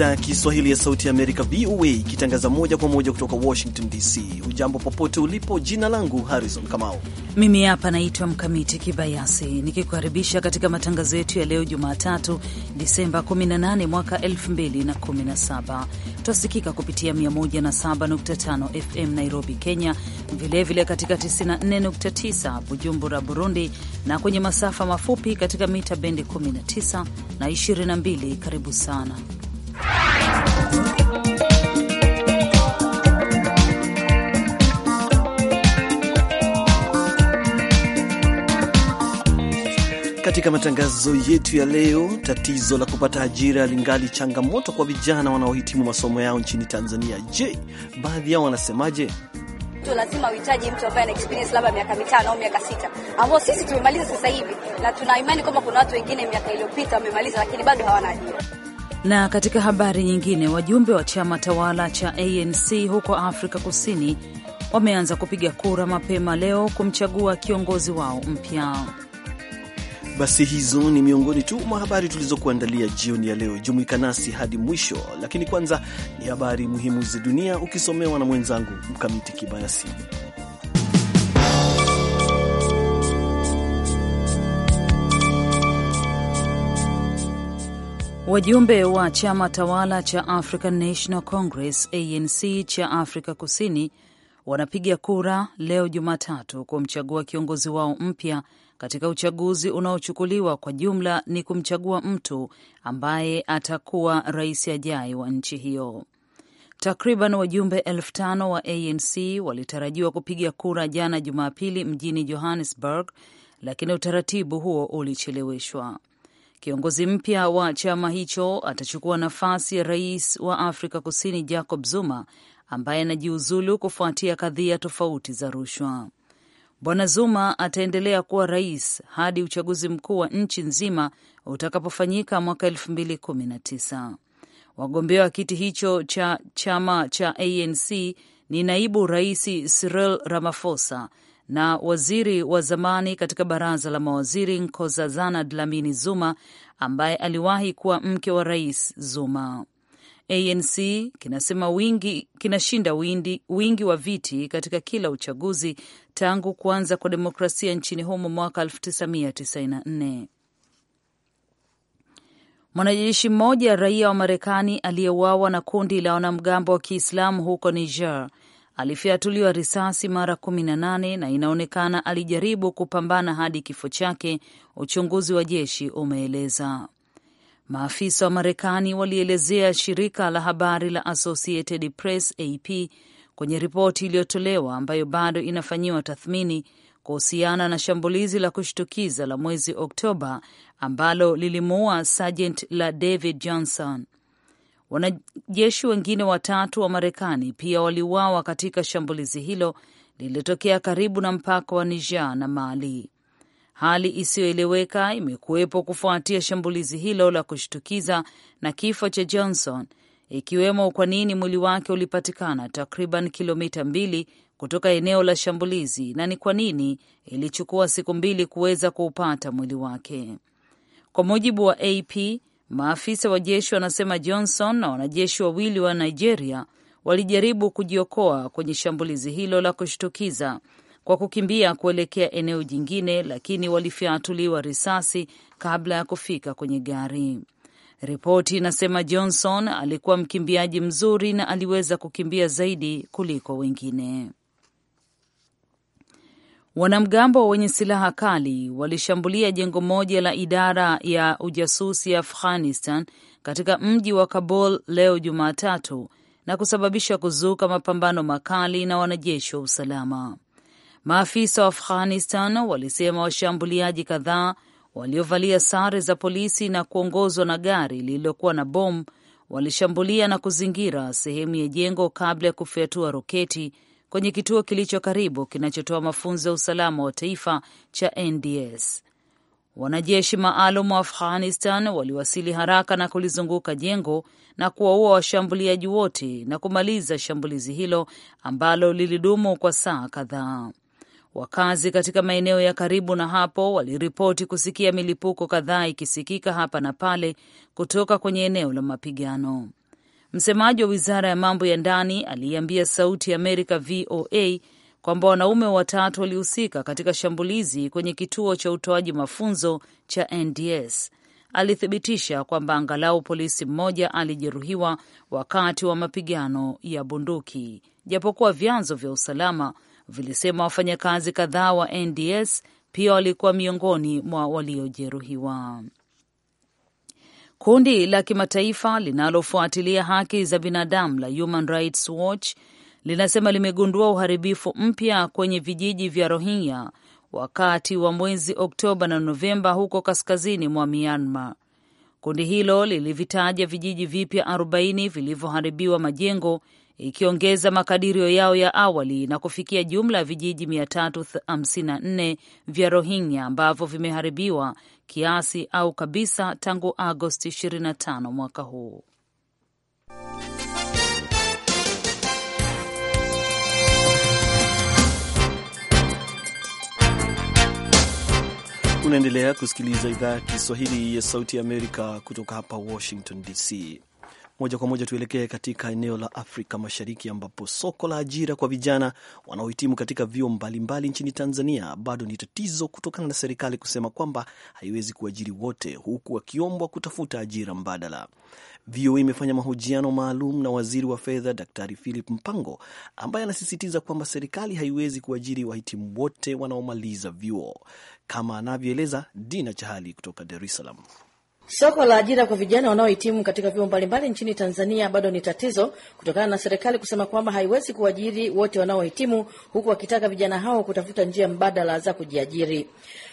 idhaa ya Kiswahili ya Sauti ya Amerika, VOA, ikitangaza moja kwa moja kutoka Washington DC. Ujambo popote ulipo, jina langu Harrison Kamau. Mimi hapa naitwa Mkamiti Kibayasi nikikukaribisha katika matangazo yetu ya leo Jumatatu, Disemba 18 mwaka 2017. Twasikika kupitia 107.5 FM Nairobi, Kenya, vilevile vile katika 94.9 Bujumbura, Burundi, na kwenye masafa mafupi katika mita bendi 19 na 22. Karibu sana. Katika matangazo yetu ya leo, tatizo la kupata ajira lingali changamoto kwa vijana wanaohitimu masomo yao nchini Tanzania. Je, baadhi yao wanasemaje? tu lazima uhitaji mtu ambaye ana experience labda miaka mitano au miaka sita, ambao sisi tumemaliza sasa hivi, na tuna imani kwamba kuna watu wengine miaka iliyopita wamemaliza, lakini bado hawana ajira. Na katika habari nyingine, wajumbe wa chama tawala cha ANC huko Afrika Kusini wameanza kupiga kura mapema leo kumchagua kiongozi wao mpya. Basi hizo ni miongoni tu mwa habari tulizokuandalia jioni ya leo. Jumuika nasi hadi mwisho, lakini kwanza ni habari muhimu za dunia ukisomewa na mwenzangu Mkamiti Kibayasi. Wajumbe wa chama tawala cha African National Congress ANC cha Afrika Kusini wanapiga kura leo Jumatatu kumchagua kiongozi wao mpya katika uchaguzi unaochukuliwa kwa jumla ni kumchagua mtu ambaye atakuwa rais ajaye wa nchi hiyo. Takriban wajumbe elfu tano wa ANC walitarajiwa kupiga kura jana Jumapili mjini Johannesburg, lakini utaratibu huo ulicheleweshwa. Kiongozi mpya wa chama hicho atachukua nafasi ya rais wa Afrika Kusini Jacob Zuma ambaye anajiuzulu kufuatia kadhia tofauti za rushwa. Bwana Zuma ataendelea kuwa rais hadi uchaguzi mkuu wa nchi nzima utakapofanyika mwaka elfu mbili kumi na tisa. Wagombea wa kiti hicho cha chama cha ANC ni naibu rais Cyril Ramaphosa na waziri wa zamani katika baraza la mawaziri Nkosazana Dlamini Zuma ambaye aliwahi kuwa mke wa rais Zuma. ANC kinasema wingi kinashinda wingi, wingi wa viti katika kila uchaguzi tangu kuanza kwa demokrasia nchini humo mwaka 1994. Mwanajeshi mmoja raia wa Marekani aliyeuawa na kundi la wanamgambo wa Kiislamu huko Niger alifyatuliwa risasi mara kumi na nane na inaonekana alijaribu kupambana hadi kifo chake, uchunguzi wa jeshi umeeleza. Maafisa wa Marekani walielezea shirika la habari la Associated Press AP kwenye ripoti iliyotolewa ambayo bado inafanyiwa tathmini kuhusiana na shambulizi la kushtukiza la mwezi Oktoba ambalo lilimuua sajenti la David Johnson. Wanajeshi wengine watatu wa Marekani pia waliuawa katika shambulizi hilo lililotokea karibu na mpaka wa Niger na Mali. Hali isiyoeleweka imekuwepo kufuatia shambulizi hilo la kushtukiza na kifo cha Johnson, ikiwemo kwa nini mwili wake ulipatikana takriban kilomita mbili kutoka eneo la shambulizi na ni kwa nini ilichukua siku mbili kuweza kuupata mwili wake. Kwa mujibu wa AP, Maafisa wa jeshi wanasema Johnson na wanajeshi wawili wa Nigeria walijaribu kujiokoa kwenye shambulizi hilo la kushtukiza kwa kukimbia kuelekea eneo jingine, lakini walifyatuliwa risasi kabla ya kufika kwenye gari. Ripoti inasema Johnson alikuwa mkimbiaji mzuri na aliweza kukimbia zaidi kuliko wengine. Wanamgambo wenye silaha kali walishambulia jengo moja la idara ya ujasusi ya Afghanistan katika mji wa Kabul leo Jumatatu na kusababisha kuzuka mapambano makali na wanajeshi wa usalama. Maafisa wa Afghanistan walisema washambuliaji kadhaa waliovalia sare za polisi na kuongozwa na gari lililokuwa na bomu walishambulia na kuzingira sehemu ya jengo kabla ya kufyatua roketi kwenye kituo kilicho karibu kinachotoa mafunzo ya usalama wa taifa cha NDS. Wanajeshi maalum wa Afghanistan waliwasili haraka na kulizunguka jengo na kuwaua washambuliaji wote na kumaliza shambulizi hilo ambalo lilidumu kwa saa kadhaa. Wakazi katika maeneo ya karibu na hapo waliripoti kusikia milipuko kadhaa ikisikika hapa na pale kutoka kwenye eneo la mapigano. Msemaji wa wizara ya mambo ya ndani aliiambia Sauti ya Amerika VOA kwamba wanaume watatu walihusika katika shambulizi kwenye kituo cha utoaji mafunzo cha NDS. Alithibitisha kwamba angalau polisi mmoja alijeruhiwa wakati wa mapigano ya bunduki, japokuwa vyanzo vya usalama vilisema wafanyakazi kadhaa wa NDS pia walikuwa miongoni mwa waliojeruhiwa. Kundi la kimataifa linalofuatilia haki za binadamu la Human Rights Watch linasema limegundua uharibifu mpya kwenye vijiji vya Rohingya wakati wa mwezi Oktoba na Novemba huko kaskazini mwa Myanmar. Kundi hilo lilivitaja vijiji vipya 40 vilivyoharibiwa majengo ikiongeza makadirio yao ya awali na kufikia jumla ya vijiji 354 vya Rohingya ambavyo vimeharibiwa kiasi au kabisa tangu Agosti 25 mwaka huu. Unaendelea kusikiliza idhaa ya Kiswahili ya Sauti ya Amerika kutoka hapa Washington DC. Moja kwa moja tuelekee katika eneo la Afrika Mashariki ambapo soko la ajira kwa vijana wanaohitimu katika vyuo mbalimbali nchini Tanzania bado ni tatizo kutokana na serikali kusema kwamba haiwezi kuajiri wote, huku wakiombwa kutafuta ajira mbadala. VOA imefanya mahojiano maalum na waziri wa fedha Daktari Philip Mpango ambaye anasisitiza kwamba serikali haiwezi kuajiri wahitimu wote wanaomaliza vyuo, kama anavyoeleza Dina Chahali kutoka Dar es Salaam. Soko la ajira kwa vijana wanaohitimu katika vyuo mbalimbali nchini Tanzania bado ni tatizo kutokana na serikali kusema kwamba haiwezi kuajiri wote wanaohitimu, huku wakitaka vijana hao kutafuta njia mbadala za kujiajiri.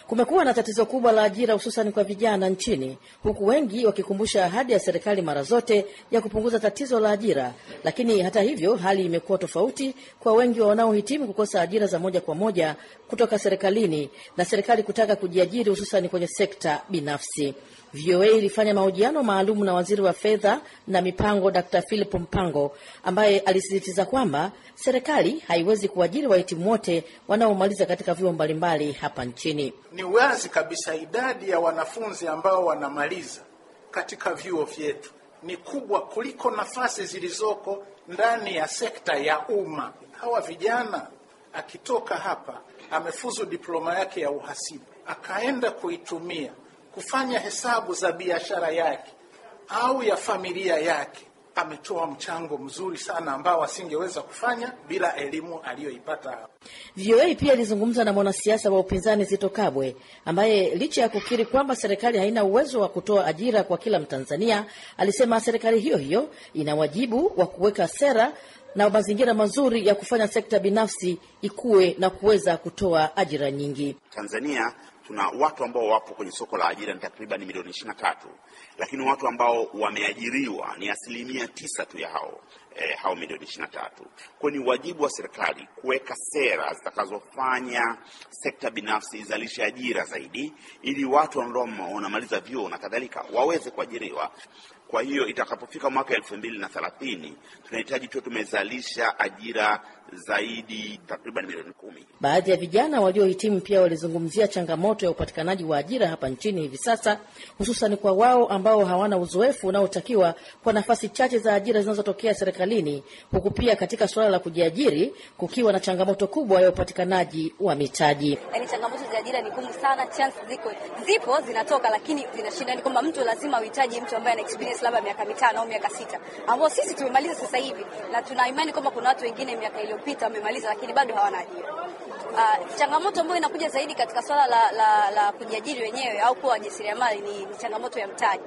Kumekuwa na tatizo kubwa la ajira hususan kwa vijana nchini, huku wengi wakikumbusha ahadi ya serikali mara zote ya kupunguza tatizo la ajira. Lakini hata hivyo, hali imekuwa tofauti kwa wengi wanaohitimu kukosa ajira za moja kwa moja kutoka serikalini na serikali kutaka kujiajiri hususan kwenye sekta binafsi. VOA ilifanya mahojiano maalum na waziri wa fedha na mipango Dr. Philip Mpango ambaye alisisitiza kwamba serikali haiwezi kuajiri wahitimu wote wanaomaliza katika vyuo mbalimbali hapa nchini ni wazi kabisa idadi ya wanafunzi ambao wanamaliza katika vyuo vyetu ni kubwa kuliko nafasi zilizoko ndani ya sekta ya umma. Hawa vijana akitoka hapa amefuzu diploma yake ya uhasibu, akaenda kuitumia kufanya hesabu za biashara yake au ya familia yake ametoa mchango mzuri sana ambao asingeweza kufanya bila elimu aliyoipata. VOA pia ilizungumza na mwanasiasa wa upinzani Zito Kabwe ambaye licha ya kukiri kwamba serikali haina uwezo wa kutoa ajira kwa kila Mtanzania, alisema serikali hiyo hiyo ina wajibu wa kuweka sera na mazingira mazuri ya kufanya sekta binafsi ikue na kuweza kutoa ajira nyingi. Tanzania tuna watu ambao wapo kwenye soko la ajira ni takriban milioni ishirini na tatu, lakini watu ambao wameajiriwa ni asilimia tisa tu ya hao e, hao milioni ishirini na tatu. Kwa ni wajibu wa serikali kuweka sera zitakazofanya sekta binafsi izalishe ajira zaidi, ili watu ambao wanamaliza vyuo na kadhalika waweze kuajiriwa. Kwa hiyo itakapofika mwaka elfu mbili na thelathini tunahitaji tuwe tumezalisha ajira zaidi takriban milioni kumi. Baadhi ya vijana waliohitimu pia walizungumzia changamoto ya upatikanaji wa ajira hapa nchini hivi sasa, hususan kwa wao ambao hawana uzoefu unaotakiwa kwa nafasi chache za ajira zinazotokea serikalini, huku pia katika suala la kujiajiri kukiwa na changamoto kubwa ya upatikanaji wa mitaji. Yani changamoto za ajira ni kumu sana, chance ziko zipo zinatoka, lakini zinashinda. Ni kwamba mtu lazima uhitaji mtu ambaye ana experience yetu labda miaka mitano au miaka sita, ambao sisi tumemaliza sasa hivi, na tuna imani kwamba kuna watu wengine miaka iliyopita wamemaliza, lakini bado hawana ajira. Uh, changamoto ambayo inakuja zaidi katika swala la, la, la kujiajiri wenyewe au kuwa wajasiriamali ni, ni changamoto ya mtaji.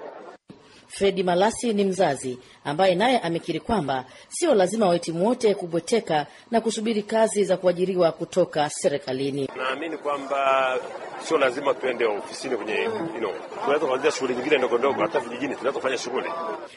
Fredi Malasi ni mzazi ambaye naye amekiri kwamba sio lazima wahitimu wote kubweteka na kusubiri kazi za kuajiriwa kutoka serikalini. Naamini kwamba sio lazima tuende ofisini kwenye you know, tunaweza kuanzia shughuli nyingine ndogo ndogo, hata vijijini tunaweza kufanya shughuli.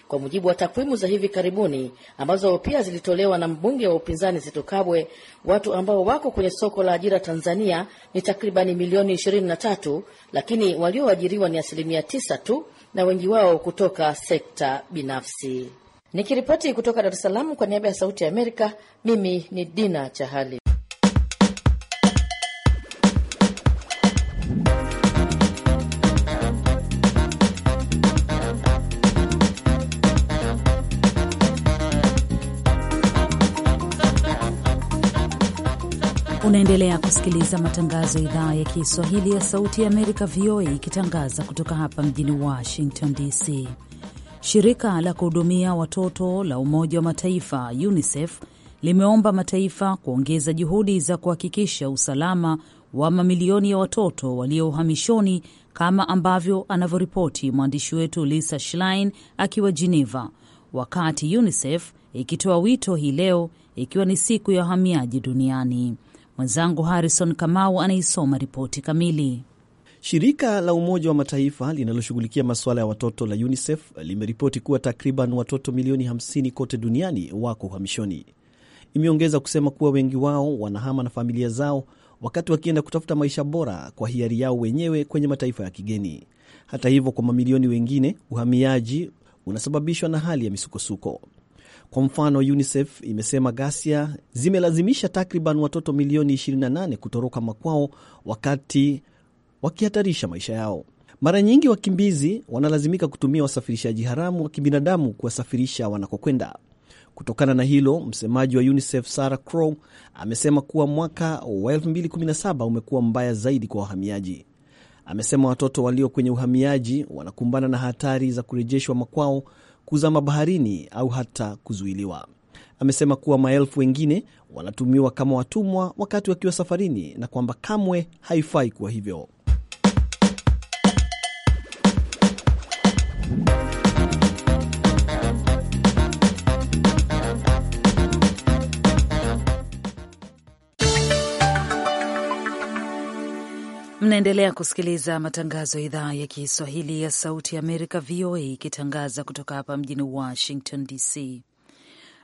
Kwa mujibu wa takwimu za hivi karibuni ambazo pia zilitolewa na mbunge wa upinzani Zitto Kabwe, watu ambao wako kwenye soko la ajira Tanzania ni takribani milioni ishirini na tatu lakini walioajiriwa ni asilimia tisa tu na wengi wao kutoka sekta binafsi. Nikiripoti kutoka Dar es Salaam kwa niaba ya Sauti ya Amerika, mimi ni Dina Chahali. Unaendelea kusikiliza matangazo ya idhaa ya Kiswahili ya Sauti ya Amerika, VOA, ikitangaza kutoka hapa mjini Washington DC. Shirika la kuhudumia watoto la Umoja wa Mataifa, UNICEF, limeomba mataifa kuongeza juhudi za kuhakikisha usalama wa mamilioni ya watoto walio uhamishoni, kama ambavyo anavyoripoti mwandishi wetu Lisa Schlein akiwa Geneva, wakati UNICEF ikitoa wito hii leo ikiwa ni siku ya wahamiaji duniani. Mwenzangu Harrison Kamau anaisoma ripoti kamili. Shirika la Umoja wa Mataifa linaloshughulikia masuala ya watoto la UNICEF limeripoti kuwa takriban watoto milioni 50 kote duniani wako uhamishoni. Imeongeza kusema kuwa wengi wao wanahama na familia zao wakati wakienda kutafuta maisha bora kwa hiari yao wenyewe kwenye mataifa ya kigeni. Hata hivyo, kwa mamilioni wengine, uhamiaji unasababishwa na hali ya misukosuko. Kwa mfano, UNICEF imesema ghasia zimelazimisha takriban watoto milioni 28 kutoroka makwao wakati wakihatarisha maisha yao. Mara nyingi wakimbizi wanalazimika kutumia wasafirishaji haramu wa kibinadamu kuwasafirisha wanakokwenda. Kutokana na hilo, msemaji wa UNICEF Sarah Crow amesema kuwa mwaka wa 2017 umekuwa mbaya zaidi kwa wahamiaji. Amesema watoto walio kwenye uhamiaji wanakumbana na hatari za kurejeshwa makwao kuzama baharini au hata kuzuiliwa. Amesema kuwa maelfu wengine wanatumiwa kama watumwa wakati wakiwa safarini na kwamba kamwe haifai kuwa hivyo. Mnaendelea kusikiliza matangazo ya idhaa ya Kiswahili ya Sauti ya Amerika, VOA, ikitangaza kutoka hapa mjini Washington DC.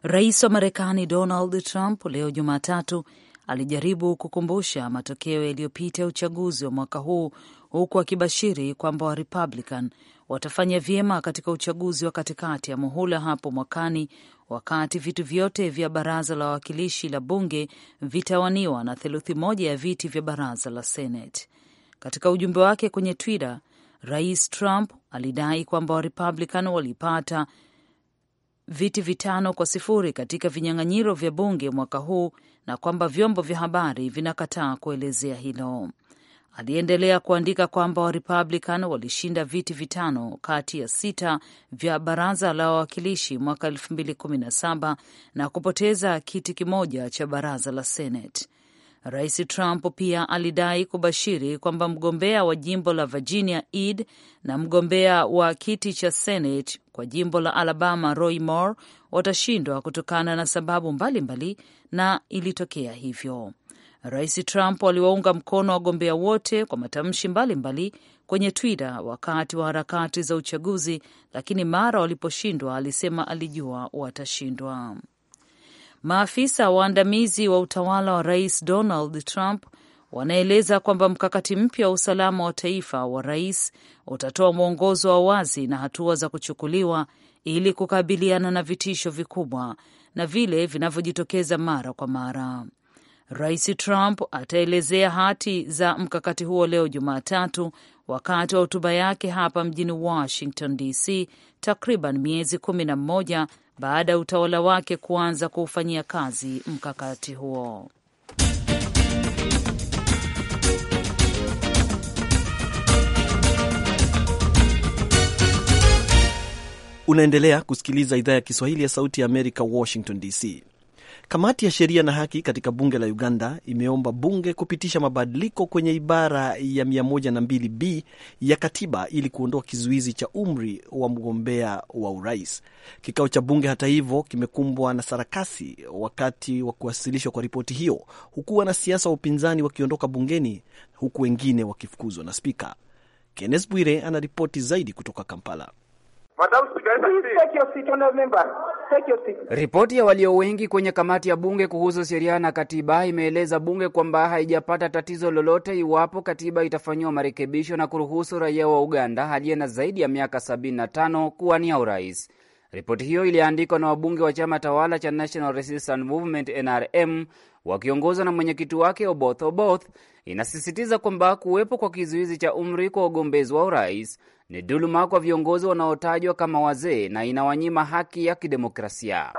Rais wa Marekani Donald Trump leo Jumatatu alijaribu kukumbusha matokeo yaliyopita ya uchaguzi wa mwaka huu huku akibashiri kwamba Warepublican watafanya vyema katika uchaguzi wa katikati ya muhula hapo mwakani, wakati vitu vyote vya baraza la wawakilishi la bunge vitawaniwa na theluthi moja ya viti vya baraza la Senate. Katika ujumbe wake kwenye Twitter, Rais Trump alidai kwamba Warepublican walipata viti vitano kwa sifuri katika vinyang'anyiro vya bunge mwaka huu na kwamba vyombo vya habari vinakataa kuelezea hilo. Aliendelea kuandika kwamba Warepublican walishinda viti vitano kati ya sita vya baraza la wawakilishi mwaka 2017 na kupoteza kiti kimoja cha baraza la Senate. Rais Trump pia alidai kubashiri kwamba mgombea wa jimbo la Virginia Ed na mgombea wa kiti cha Senate kwa jimbo la Alabama Roy Moore watashindwa kutokana na sababu mbalimbali mbali, na ilitokea hivyo. Rais Trump aliwaunga mkono wagombea wote kwa matamshi mbalimbali mbali kwenye Twitter wakati wa harakati za uchaguzi, lakini mara waliposhindwa alisema alijua watashindwa. Maafisa waandamizi wa utawala wa Rais Donald Trump wanaeleza kwamba mkakati mpya wa usalama wa taifa wa rais utatoa mwongozo wa wazi na hatua za kuchukuliwa ili kukabiliana na vitisho vikubwa na vile vinavyojitokeza mara kwa mara. Rais Trump ataelezea hati za mkakati huo leo Jumatatu wakati wa hotuba yake hapa mjini Washington DC, takriban miezi kumi na mmoja baada ya utawala wake kuanza kuufanyia kazi mkakati huo. Unaendelea kusikiliza idhaa ya Kiswahili ya Sauti ya Amerika, Washington DC. Kamati ya sheria na haki katika bunge la Uganda imeomba bunge kupitisha mabadiliko kwenye ibara ya 102b ya katiba ili kuondoa kizuizi cha umri wa mgombea wa urais. Kikao cha bunge, hata hivyo, kimekumbwa na sarakasi wakati wa kuwasilishwa kwa ripoti hiyo, huku wanasiasa wa upinzani wakiondoka bungeni, huku wengine wakifukuzwa na spika. Kennes Bwire ana ripoti zaidi kutoka Kampala. Ripoti ya walio wengi kwenye kamati ya bunge kuhusu sheria na katiba imeeleza bunge kwamba haijapata tatizo lolote iwapo katiba itafanyiwa marekebisho na kuruhusu raia wa Uganda aliye na zaidi ya miaka 75 kuwania urais. Ripoti hiyo iliandikwa na wabunge wa chama tawala cha National Resistance Movement NRM wakiongozwa na mwenyekiti wake Oboth Oboth, inasisitiza kwamba kuwepo kwa kizuizi cha umri kwa ugombezi wa urais ni dhuluma kwa viongozi wanaotajwa kama wazee na inawanyima haki ya kidemokrasia.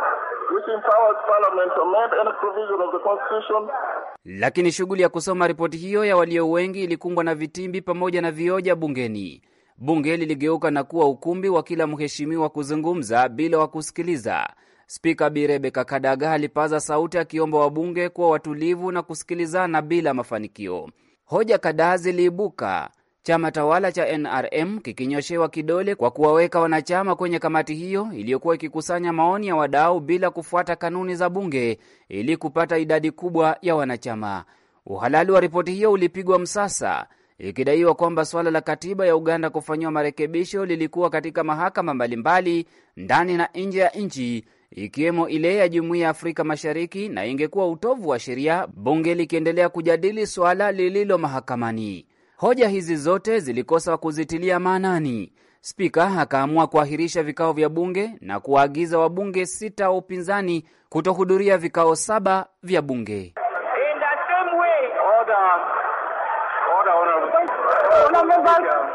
Lakini shughuli ya kusoma ripoti hiyo ya walio wengi ilikumbwa na vitimbi pamoja na vioja bungeni. Bunge liligeuka na kuwa ukumbi wa kila mheshimiwa kuzungumza bila wa kusikiliza. Spika Bi Rebeka Kadaga alipaza sauti akiomba wabunge kuwa watulivu na kusikilizana bila mafanikio. Hoja kadhaa ziliibuka Chama tawala cha NRM kikinyoshewa kidole kwa kuwaweka wanachama kwenye kamati hiyo iliyokuwa ikikusanya maoni ya wadau bila kufuata kanuni za bunge ili kupata idadi kubwa ya wanachama. Uhalali wa ripoti hiyo ulipigwa msasa, ikidaiwa kwamba suala la katiba ya Uganda kufanyiwa marekebisho lilikuwa katika mahakama mbalimbali ndani na nje ya nchi ikiwemo ile ya Jumuiya ya Afrika Mashariki, na ingekuwa utovu wa sheria bunge likiendelea kujadili suala lililo mahakamani. Hoja hizi zote zilikosa kuzitilia maanani. Spika akaamua kuahirisha vikao vya bunge na kuwaagiza wabunge sita wa upinzani kutohudhuria vikao saba vya bunge.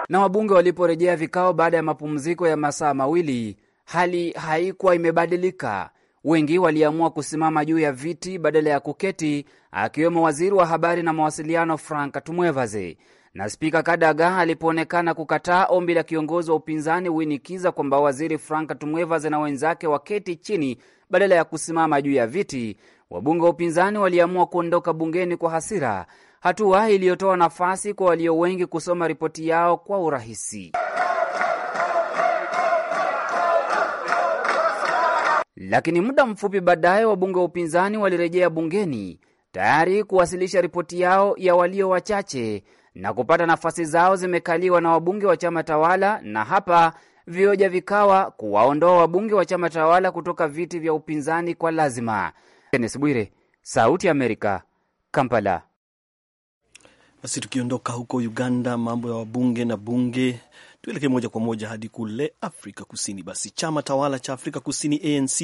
Na wabunge waliporejea vikao baada ya mapumziko ya masaa mawili, hali haikuwa imebadilika. Wengi waliamua kusimama juu ya viti badala ya kuketi, akiwemo waziri wa habari na mawasiliano Frank Tumwevaze na Spika Kadaga alipoonekana kukataa ombi la kiongozi wa upinzani Winikiza kwamba waziri Frank Tumwevas na wenzake waketi chini badala ya kusimama juu ya viti, wabunge wa upinzani waliamua kuondoka bungeni kwa hasira, hatua iliyotoa nafasi kwa walio wengi kusoma ripoti yao kwa urahisi. Lakini muda mfupi baadaye wabunge wa upinzani walirejea bungeni tayari kuwasilisha ripoti yao ya walio wachache na kupata nafasi zao zimekaliwa na wabunge wa chama tawala, na hapa vioja vikawa kuwaondoa wabunge wa chama tawala kutoka viti vya upinzani kwa lazima. kennes Bwire, Sauti ya Amerika, Kampala. Basi tukiondoka huko Uganda, mambo ya wabunge na bunge Tuelekee moja kwa moja hadi kule Afrika Kusini. Basi chama tawala cha Afrika Kusini ANC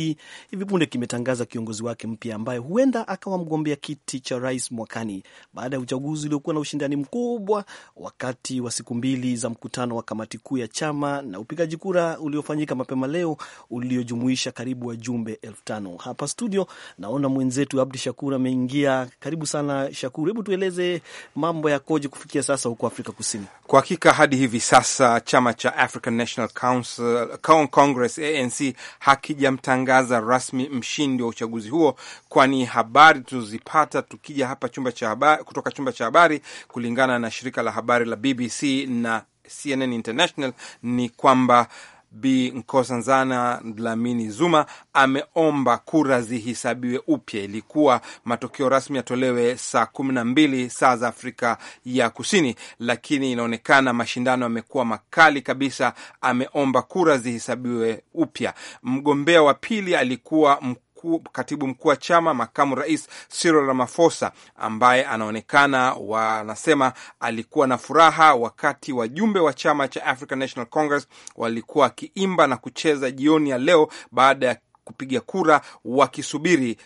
hivi punde kimetangaza kiongozi wake mpya ambaye huenda akawa mgombea kiti cha rais mwakani baada ya uchaguzi uliokuwa na ushindani mkubwa wakati wa siku mbili za mkutano wa kamati kuu ya chama na upigaji kura uliofanyika mapema leo uliojumuisha karibu wajumbe elfu tano. Hapa studio naona mwenzetu Abdi Shakur ameingia. Karibu sana Shakur, hebu tueleze mambo yakoje kufikia sasa huko Afrika Kusini? Kwa hakika hadi hivi sasa chama cha African National Council, Congress ANC hakijamtangaza rasmi mshindi wa uchaguzi huo, kwani habari tulizozipata tukija hapa chumba cha habari, kutoka chumba cha habari kulingana na shirika la habari la BBC na CNN International ni kwamba Bi Nkosazana Dlamini Zuma ameomba kura zihisabiwe upya. Ilikuwa matokeo rasmi yatolewe saa kumi na mbili saa za Afrika ya Kusini, lakini inaonekana mashindano yamekuwa makali kabisa. Ameomba kura zihisabiwe upya. Mgombea wa pili alikuwa mkuu, katibu mkuu wa chama, makamu rais Cyril Ramaphosa ambaye anaonekana wanasema alikuwa na furaha wakati wajumbe wa chama cha African National Congress walikuwa wakiimba na kucheza jioni ya leo baada ya kupiga kura wakisubiri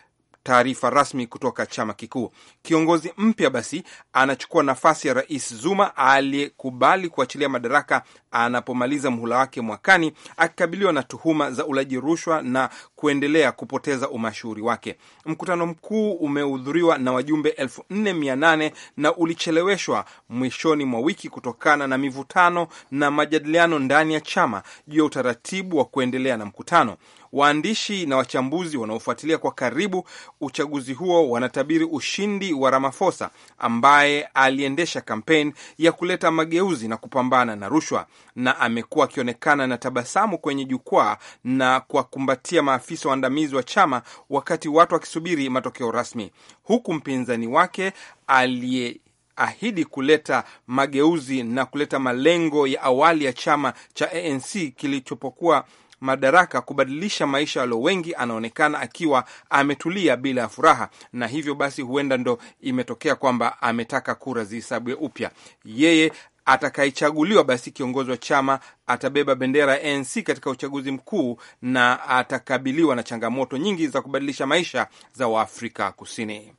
taarifa rasmi kutoka chama kikuu. Kiongozi mpya basi anachukua nafasi ya Rais Zuma aliyekubali kuachilia madaraka anapomaliza muhula wake mwakani, akikabiliwa na tuhuma za ulaji rushwa na kuendelea kupoteza umashuhuri wake. Mkutano mkuu umehudhuriwa na wajumbe 4800 na ulicheleweshwa mwishoni mwa wiki kutokana na mivutano na majadiliano ndani ya chama juu ya utaratibu wa kuendelea na mkutano. Waandishi na wachambuzi wanaofuatilia kwa karibu uchaguzi huo wanatabiri ushindi wa Ramaphosa ambaye aliendesha kampeni ya kuleta mageuzi na kupambana na rushwa na amekuwa akionekana na tabasamu kwenye jukwaa na kuwakumbatia maafisa afisa waandamizi wa chama wakati watu wakisubiri matokeo rasmi, huku mpinzani wake aliye ahidi kuleta mageuzi na kuleta malengo ya awali ya chama cha ANC kilichopokuwa madaraka kubadilisha maisha walio wengi, anaonekana akiwa ametulia bila ya furaha, na hivyo basi huenda ndo imetokea kwamba ametaka kura zihesabiwe upya. Yeye atakayechaguliwa basi kiongozi wa chama atabeba bendera ya ANC katika uchaguzi mkuu na atakabiliwa na changamoto nyingi za kubadilisha maisha za Waafrika Kusini.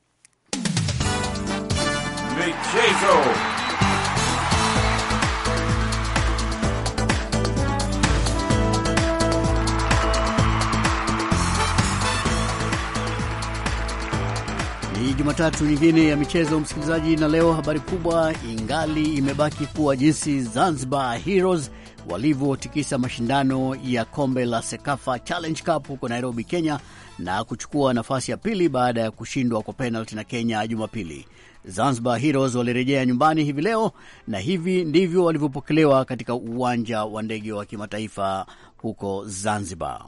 Michezo. Ni Jumatatu nyingine ya michezo, msikilizaji, na leo habari kubwa ingali imebaki kuwa jinsi Zanzibar Heroes walivyotikisa mashindano ya kombe la Sekafa Challenge Cup huko Nairobi, Kenya, na kuchukua nafasi ya pili baada ya kushindwa kwa penalti na Kenya Jumapili. Zanzibar Heroes walirejea nyumbani hivi leo na hivi ndivyo walivyopokelewa katika uwanja wa ndege wa kimataifa huko Zanzibar.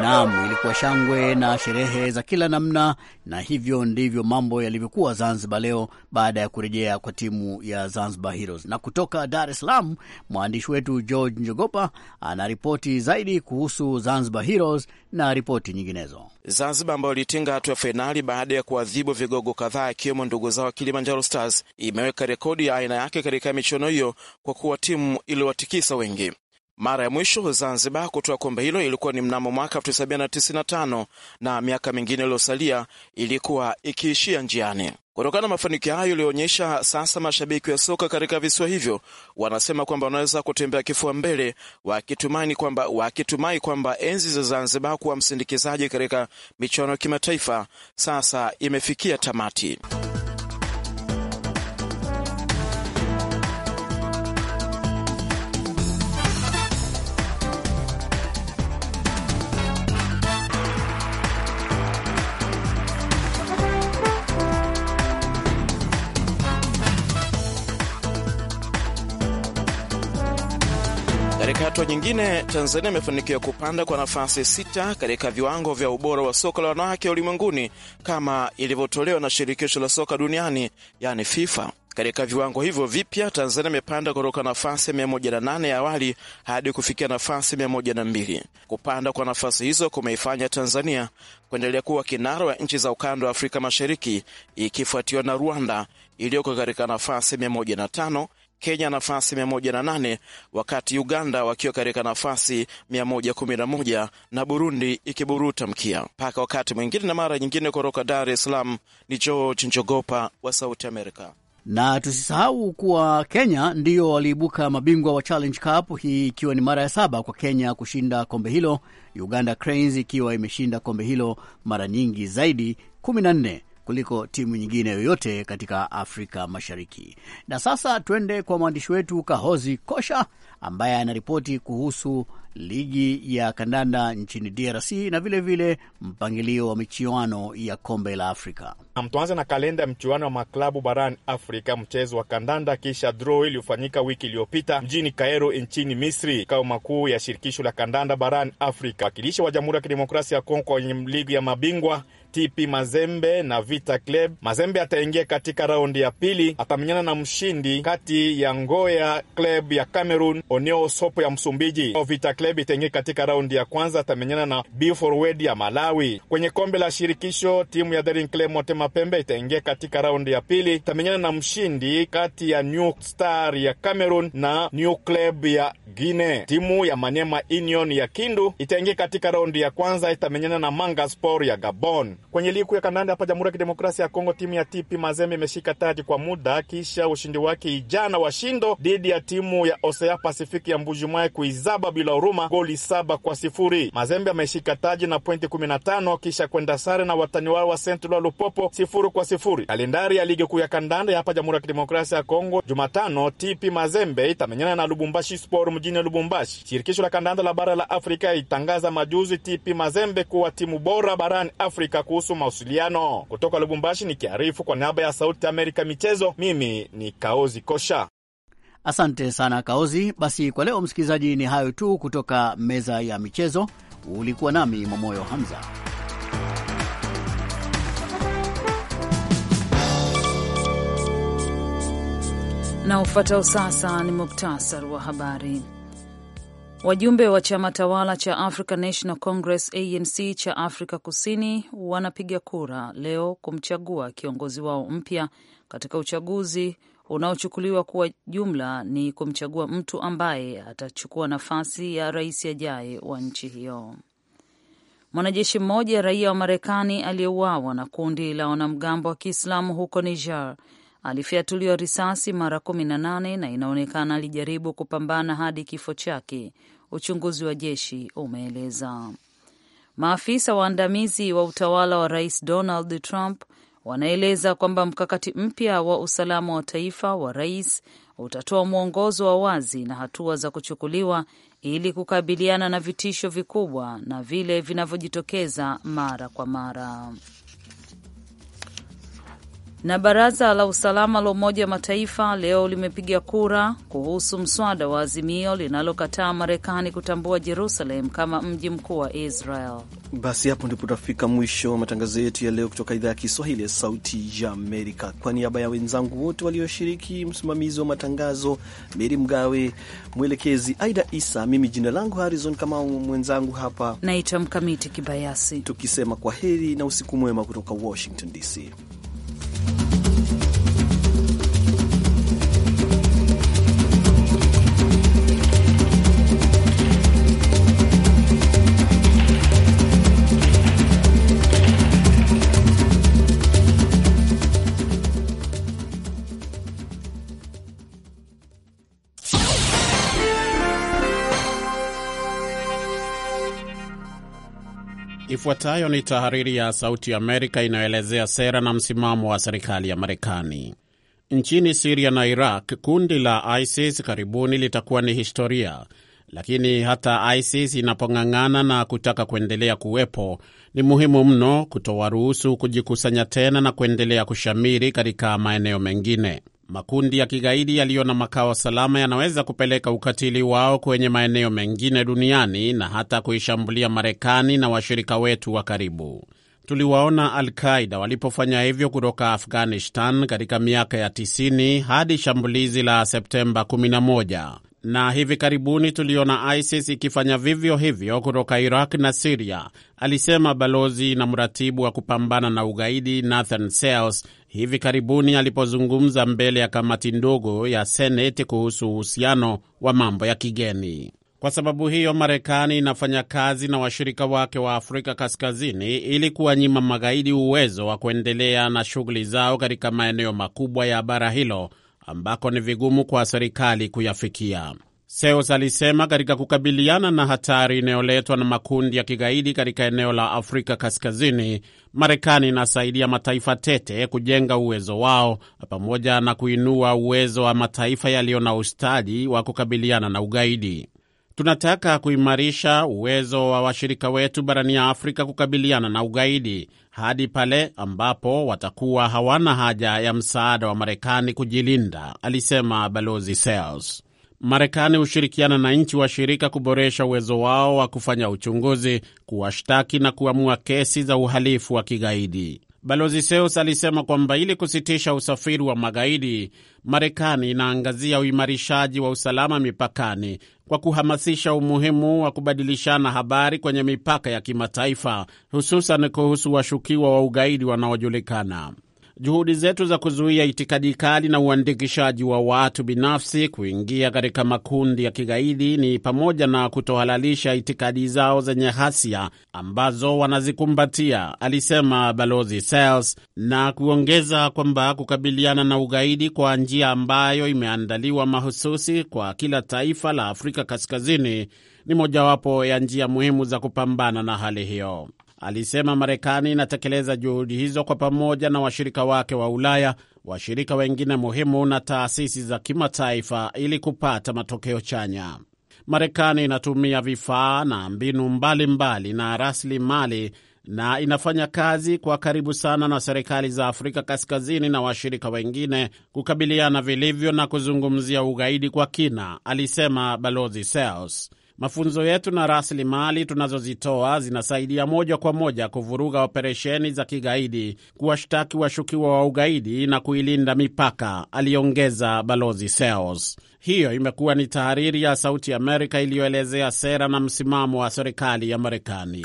Naam, ilikuwa shangwe na sherehe za kila namna, na hivyo ndivyo mambo yalivyokuwa Zanzibar leo baada ya kurejea kwa timu ya Zanzibar Heroes. Na kutoka Dar es Salaam, mwandishi wetu George Njogopa anaripoti zaidi kuhusu Zanzibar Heroes na ripoti nyinginezo. Zanzibar ambayo ilitinga hatua ya fainali baada ya kuadhibu vigogo kadhaa ikiwemo ndugu zao Kilimanjaro Stars imeweka rekodi ya aina yake katika michuano hiyo kwa kuwa timu iliyowatikisa wengi. Mara ya mwisho Zanzibar kutoa kombe hilo ilikuwa ni mnamo mwaka 1975 na miaka mingine iliyosalia ilikuwa ikiishia njiani. Kutokana na mafanikio hayo iliyoonyesha, sasa mashabiki wa soka katika visiwa hivyo wanasema kwamba wanaweza kutembea kifua mbele, wakitumai kwamba wakitumai kwamba enzi za Zanzibar kuwa msindikizaji katika michuano ya kimataifa sasa imefikia tamati. hatua nyingine, Tanzania imefanikiwa kupanda kwa nafasi sita katika viwango vya ubora wa soka la wanawake ulimwenguni kama ilivyotolewa na shirikisho la soka duniani, yani FIFA. Katika viwango hivyo vipya, Tanzania imepanda kutoka nafasi 108 ya awali hadi kufikia nafasi 102. Kupanda kwa nafasi hizo kumeifanya Tanzania kuendelea kuwa kinara wa nchi za ukanda wa Afrika Mashariki, ikifuatiwa na Rwanda iliyoko katika nafasi 105 Kenya nafasi 108, wakati Uganda wakiwa katika nafasi 111 na Burundi ikiburuta mkia. Mpaka wakati mwingine na mara nyingine, kutoka Dar es Salaam ni George Njogopa wa Sauti Amerika. Na tusisahau kuwa Kenya ndiyo waliibuka mabingwa wa Challenge Cup, hii ikiwa ni mara ya saba kwa Kenya kushinda kombe hilo, Uganda Cranes ikiwa imeshinda kombe hilo mara nyingi zaidi, 14 kuliko timu nyingine yoyote katika Afrika Mashariki. Na sasa twende kwa mwandishi wetu Kahozi Kosha ambaye anaripoti kuhusu ligi ya kandanda nchini DRC na vilevile vile mpangilio wa michuano ya kombe la Afrika. Tuanze na kalenda ya mchuano wa maklabu barani Afrika, mchezo wa kandanda kisha draw iliyofanyika wiki iliyopita mjini Cairo nchini Misri, makao makuu ya shirikisho la kandanda barani Afrika. Wakilishi wa Jamhuri ya Kidemokrasia ya Kongo kwenye ligi ya mabingwa TP Mazembe na Vita Club. Mazembe ataingia katika raundi ya pili, atamenyana na mshindi kati ya Ngoya Club ya Cameroon, Onio Sopo ya Msumbiji. Vita Club itaingia katika raundi ya kwanza, atamenyana na B Forward ya Malawi. Kwenye kombe la shirikisho, timu ya Daring Club Motema Pembe itaingia katika raundi ya pili, itamenyana na mshindi kati ya New Star ya Cameroon na New Club ya guine Timu ya manema Union ya Kindu itaingia katika raundi ya kwanza, itamenyana na Manga Sport ya Gabon. Kwenye liku ya kandanda hapa Jamhuri ya Kidemokrasia ya Kongo, timu ya TP Mazembe imeshika taji kwa muda kisha ushindi wake ijana wa shindo dhidi ya timu ya Osea Pacific ya Mbujimayi kuizaba bila huruma goli saba kwa sifuri. Mazembe ameshika taji na pointi 15 kisha kwenda sare na watani wao wa Saint lwa Lupopo sifuri kwa sifuri. Kalendari ya ligi kuu ya kandanda ya hapa Jamhuri ya Kidemokrasia ya Kongo, Jumatano TP Mazembe itamenyana na Lubumbashi Sport mjini Lubumbashi. Shirikisho la kandanda la bara la Afrika itangaza majuzi TP Mazembe kuwa timu bora barani Afrika ku kuhusu mawasiliano. Kutoka Lubumbashi nikiarifu kwa niaba ya Sauti Amerika michezo, mimi ni Kaozi Kosha. Asante sana Kaozi. Basi kwa leo, msikilizaji, ni hayo tu kutoka meza ya michezo. Ulikuwa nami Momoyo Hamza. Na ufuatao sasa ni muktasar wa habari. Wajumbe wa chama tawala cha African National Congress ANC cha Afrika Kusini wanapiga kura leo kumchagua kiongozi wao mpya katika uchaguzi unaochukuliwa kuwa jumla ni kumchagua mtu ambaye atachukua nafasi ya rais ajaye wa nchi hiyo. Mwanajeshi mmoja raia wa Marekani aliyeuawa na kundi la wanamgambo wa Kiislamu huko Niger alifyatuliwa risasi mara kumi na nane na inaonekana alijaribu kupambana hadi kifo chake, uchunguzi wa jeshi umeeleza. Maafisa waandamizi wa utawala wa Rais Donald Trump wanaeleza kwamba mkakati mpya wa usalama wa taifa wa rais utatoa mwongozo wa wazi na hatua za kuchukuliwa ili kukabiliana na vitisho vikubwa na vile vinavyojitokeza mara kwa mara. Na baraza la usalama la Umoja wa Mataifa leo limepiga kura kuhusu mswada wa azimio linalokataa Marekani kutambua Jerusalem kama mji mkuu wa Israel. Basi hapo ndipo tunafika mwisho wa matangazo yetu ya leo kutoka idhaa ya Kiswahili ya Sauti ya Amerika. Kwa niaba ya wenzangu wote walioshiriki, msimamizi wa matangazo Meri Mgawe, mwelekezi Aida Isa, mimi jina langu Harizon kama mwenzangu hapa naitwa Mkamiti Kibayasi, tukisema kwa heri na usiku mwema kutoka Washington DC. Ifuatayo ni tahariri ya Sauti ya Amerika inayoelezea sera na msimamo wa serikali ya Marekani. Nchini Siria na Iraq, kundi la ISIS karibuni litakuwa ni historia, lakini hata ISIS inapong'ang'ana na kutaka kuendelea kuwepo, ni muhimu mno kutowaruhusu kujikusanya tena na kuendelea kushamiri katika maeneo mengine. Makundi ya kigaidi yaliyo na makao salama yanaweza kupeleka ukatili wao kwenye maeneo mengine duniani na hata kuishambulia Marekani na washirika wetu wa karibu. Tuliwaona Al-Qaida walipofanya hivyo kutoka Afghanistan katika miaka ya 90 hadi shambulizi la Septemba 11 na hivi karibuni tuliona ISIS ikifanya vivyo hivyo kutoka Iraq na Siria, alisema balozi na mratibu wa kupambana na ugaidi Nathan Seals hivi karibuni alipozungumza mbele ya kamati ndogo ya Seneti kuhusu uhusiano wa mambo ya kigeni. Kwa sababu hiyo, Marekani inafanya kazi na washirika wake wa Afrika Kaskazini ili kuwanyima magaidi uwezo wa kuendelea na shughuli zao katika maeneo makubwa ya bara hilo ambako ni vigumu kwa serikali kuyafikia. Seos alisema katika kukabiliana na hatari inayoletwa na makundi ya kigaidi katika eneo la Afrika Kaskazini, Marekani inasaidia mataifa tete kujenga uwezo wao pamoja na kuinua uwezo wa mataifa yaliyo na ustadi wa kukabiliana na ugaidi. Tunataka kuimarisha uwezo wa washirika wetu barani ya Afrika kukabiliana na ugaidi hadi pale ambapo watakuwa hawana haja ya msaada wa Marekani kujilinda, alisema Balozi Seos. Marekani hushirikiana na nchi washirika kuboresha uwezo wao wa kufanya uchunguzi, kuwashtaki na kuamua kesi za uhalifu wa kigaidi. Balozi Seus alisema kwamba ili kusitisha usafiri wa magaidi, Marekani inaangazia uimarishaji wa usalama mipakani kwa kuhamasisha umuhimu wa kubadilishana habari kwenye mipaka ya kimataifa, hususan kuhusu washukiwa wa ugaidi wanaojulikana. Juhudi zetu za kuzuia itikadi kali na uandikishaji wa watu binafsi kuingia katika makundi ya kigaidi ni pamoja na kutohalalisha itikadi zao zenye hasia ambazo wanazikumbatia, alisema Balozi Sales, na kuongeza kwamba kukabiliana na ugaidi kwa njia ambayo imeandaliwa mahususi kwa kila taifa la Afrika Kaskazini ni mojawapo ya njia muhimu za kupambana na hali hiyo. Alisema Marekani inatekeleza juhudi hizo kwa pamoja na washirika wake wa Ulaya, washirika wengine muhimu na taasisi za kimataifa ili kupata matokeo chanya. Marekani inatumia vifaa na mbinu mbalimbali mbali na rasilimali na inafanya kazi kwa karibu sana na serikali za Afrika Kaskazini na washirika wengine kukabiliana vilivyo na kuzungumzia ugaidi kwa kina, alisema Balozi Sels. Mafunzo yetu na rasilimali tunazozitoa zinasaidia moja kwa moja kuvuruga operesheni za kigaidi, kuwashtaki washukiwa wa ugaidi na kuilinda mipaka, aliongeza Balozi Seos. Hiyo imekuwa ni tahariri ya Sauti ya Amerika iliyoelezea sera na msimamo wa serikali ya Marekani.